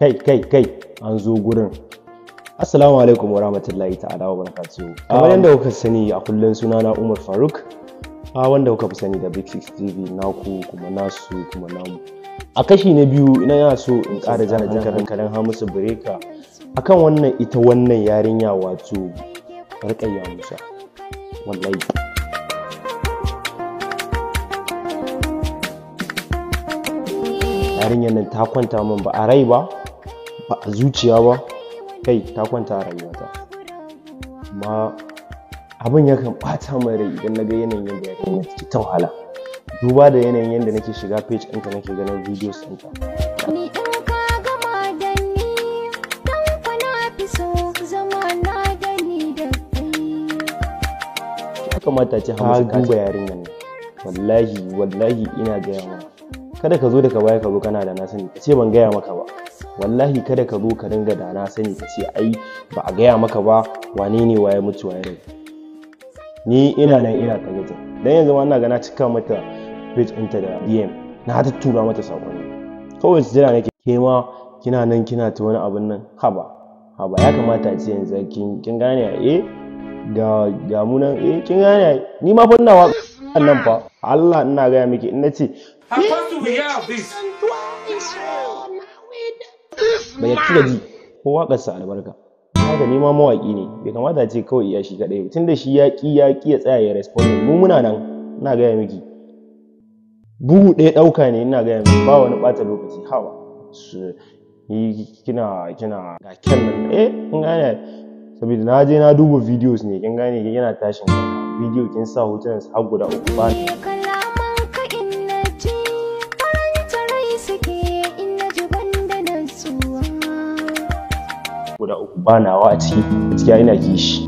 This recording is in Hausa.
kai kai kai an zo gurin assalamu alaikum warahmatullahi ta'ala wa barakatuhu kamar yadda um, kuka sani a kullum suna na umar faruk a wanda kuka fi sani da big six tv naku kuma nasu kuma namu a kashi na biyu ina yana so in ƙara jana jan hankalin hamisu bireka akan wannan ita wannan yarinya wato rikayya musa wallahi yarinyar nan ta kwanta min ba a rai ba ba a zuciya ba kai ta kwanta a rayuwata amma abin ya kan ɓata mai rai idan na ga yanayin yadda ya kan ciki ta wahala duba da yanayin yadda nake shiga page ɗinka nake ganin videos ɗinka kamata ce ci ka duba yarinyar wallahi wallahi ina gaya ma kada ka zo daga baya ka zo kana da na sani ka ce ban gaya maka ba wallahi kada ka zo ka dinga da na sani ka ce ai ba a gaya maka ba wane ne waye mutu waye rai ni ina nan ina tagajin dan yanzu ma ina ga na cika mata page ɗinta da DM na ta tura mata sakonni kawai su jira nake ke ma kina nan kina ta wani abun nan haba haba ya kamata a ce yanzu kin gane eh ga ga mu nan eh kin gane ni ma fa ina waka nan fa Allah ina gaya miki in nace bai da ji ko waƙarsa albarka haka nima mawaki mawaƙi ne bai kamata ce kawai iya shi kaɗai tun da shi ya ƙi ya ƙi ya tsaya ya respond mu muna nan ina gaya miki bugu ɗaya ɗauka ne ina gaya miki ba wani ɓata lokaci hawa kina kina ga kyan eh kin gane saboda na je na duba videos ne kin gane yana tashin kai bidiyo kin sa hotunan har guda uku ba guda uku ba nawa a ciki gaskiya ina kishi